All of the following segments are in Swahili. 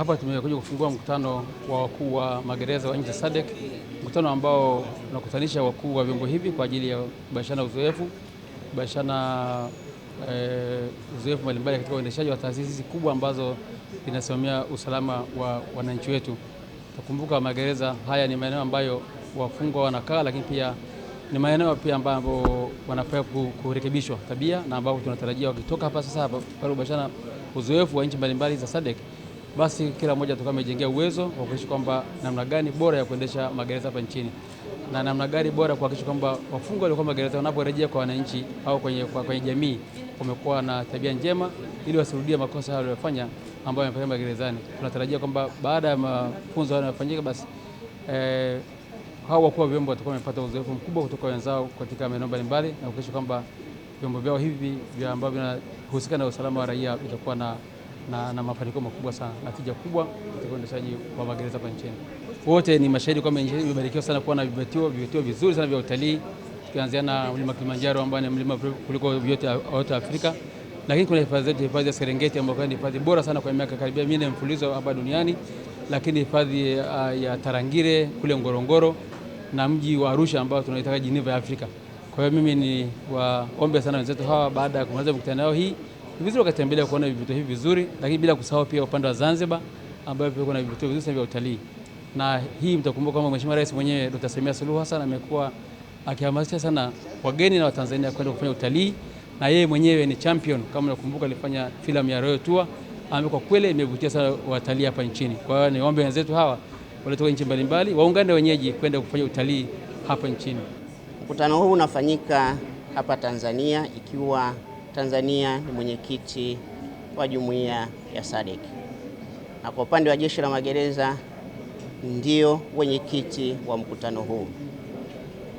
Hapa tumekuja kufungua mkutano wa wakuu wa magereza wa nchi SADC, mkutano ambao unakutanisha wakuu wa vyombo hivi kwa ajili ya kubadilishana uzoefu, kubadilishana e, mbalimbali katika uendeshaji wa taasisi hizi kubwa ambazo zinasimamia usalama wa wananchi wetu. Tukumbuka magereza haya ni maeneo ambayo wafungwa wanakaa, lakini pia ni maeneo pia ambapo wanafaa kurekebishwa tabia na ambapo tunatarajia wakitoka hapa sasa hapa kubadilishana uzoefu wa nchi mbalimbali za SADC basi kila mmoja atakuwa amejengea uwezo wa kuhakikisha kwamba namna gani bora ya kuendesha magereza hapa nchini na namna gani bora ya kuhakikisha kwamba wafungwa waliokuwa magereza wanaporejea kwa wananchi au kwenye, kwa, kwenye jamii wamekuwa na tabia njema ili wasirudie makosa hayo waliyofanya ambayo wamefanya magerezani. Tunatarajia kwamba baada ya mafunzo hayo yanayofanyika basi eh, hao wakuu wa vyombo watakuwa wamepata uzoefu mkubwa kutoka wenzao katika maeneo mbalimbali na kuhakikisha kwamba vyombo vyao hivi ambavyo vinahusika na usalama wa raia vitakuwa na na, na mafanikio makubwa sana na tija kubwa katika uendeshaji wa magereza hapa nchini. Wote ni mashahidi kwamba nchi imebarikiwa sana kuwa na vivutio vivutio vizuri sana vya utalii, tukianzia na mlima Kilimanjaro ambao ni mlima kuliko vyote wote Afrika, lakini kuna hifadhi zetu, hifadhi ya Serengeti ambayo ni hifadhi bora sana kwa miaka karibia minne mfululizo hapa duniani, lakini hifadhi uh, ya Tarangire kule Ngorongoro na mji wa Arusha ambao tunaitaka Geneva ya Afrika. Kwa hiyo mimi ni waombe sana wenzetu hawa, baada ya kumaliza mkutano yao hii ni vizuri wakatembelea kuona vivutio hivi vizuri, lakini bila kusahau pia upande wa Zanzibar ambayo pia kuna vivutio vizuri sana vya utalii, na hii mtakumbuka kwamba Mheshimiwa Rais mwenyewe Dr. Samia Suluhu Hassan amekuwa akihamasisha sana wageni na Watanzania kwenda kufanya utalii, na yeye mwenyewe ni champion. Kama nakumbuka alifanya filamu ya Royal Tour ambayo kwa kweli imevutia sana watalii hapa nchini. Kwa hiyo niombe wenzetu hawa waliotoka nchi mbalimbali waungane wenyeji kwenda kufanya utalii hapa nchini. Mkutano huu unafanyika hapa Tanzania ikiwa Tanzania ni mwenyekiti wa jumuiya ya SADC na kwa upande wa jeshi la magereza ndio wenyekiti wa mkutano huu,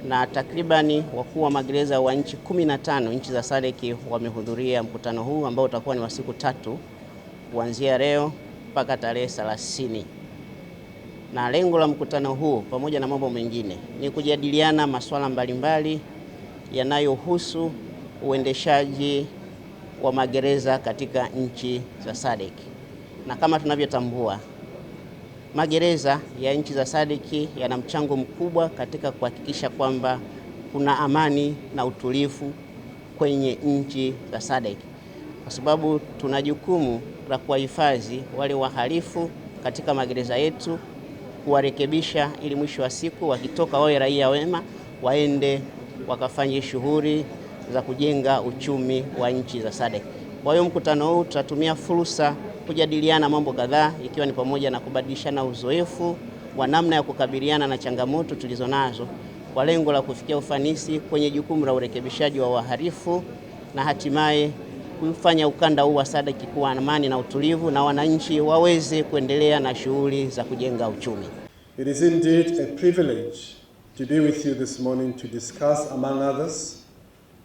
na takribani wakuu wa magereza wa nchi 15 nchi za SADC wamehudhuria mkutano huu ambao utakuwa ni wa siku tatu kuanzia leo mpaka tarehe 30 na lengo la mkutano huu pamoja na mambo mengine ni kujadiliana masuala mbalimbali yanayohusu uendeshaji wa magereza katika nchi za SADC. Na kama tunavyotambua, magereza ya nchi za SADC yana mchango mkubwa katika kuhakikisha kwamba kuna amani na utulivu kwenye nchi za SADC, kwa sababu tuna jukumu la kuwahifadhi wale wahalifu katika magereza yetu, kuwarekebisha ili mwisho wa siku wakitoka wawe raia wema, waende wakafanye shughuli za kujenga uchumi wa nchi za SADC. Kwa hiyo mkutano huu tutatumia fursa kujadiliana mambo kadhaa ikiwa ni pamoja na kubadilishana uzoefu wa namna ya kukabiliana na changamoto tulizonazo kwa lengo la kufikia ufanisi kwenye jukumu la urekebishaji wa wahalifu na hatimaye kufanya ukanda huu wa SADC kuwa amani na utulivu na wananchi waweze kuendelea na shughuli za kujenga uchumi. It is indeed a privilege to be with you this morning to discuss among others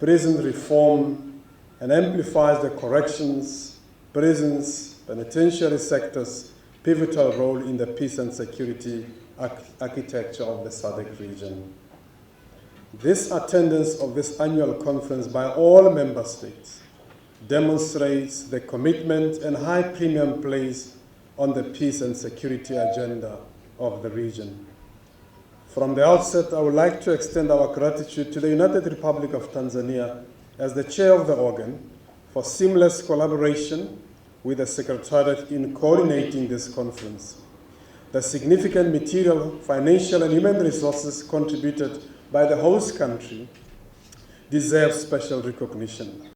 prison reform and amplifies the corrections, prisons, penitentiary sector's pivotal role in the peace and security architecture of the SADC region. This attendance of this annual conference by all member states demonstrates the commitment and high premium placed on the peace and security agenda of the region. From the outset, I would like to extend our gratitude to the United Republic of Tanzania as the chair of the organ for seamless collaboration with the Secretariat in coordinating this conference. The significant material, financial, and human resources contributed by the host country deserve special recognition.